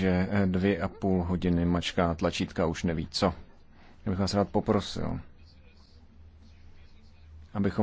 že eh, dvě a půl hodiny mačká tlačítka už neví co. Já bych vás rád poprosil, abychom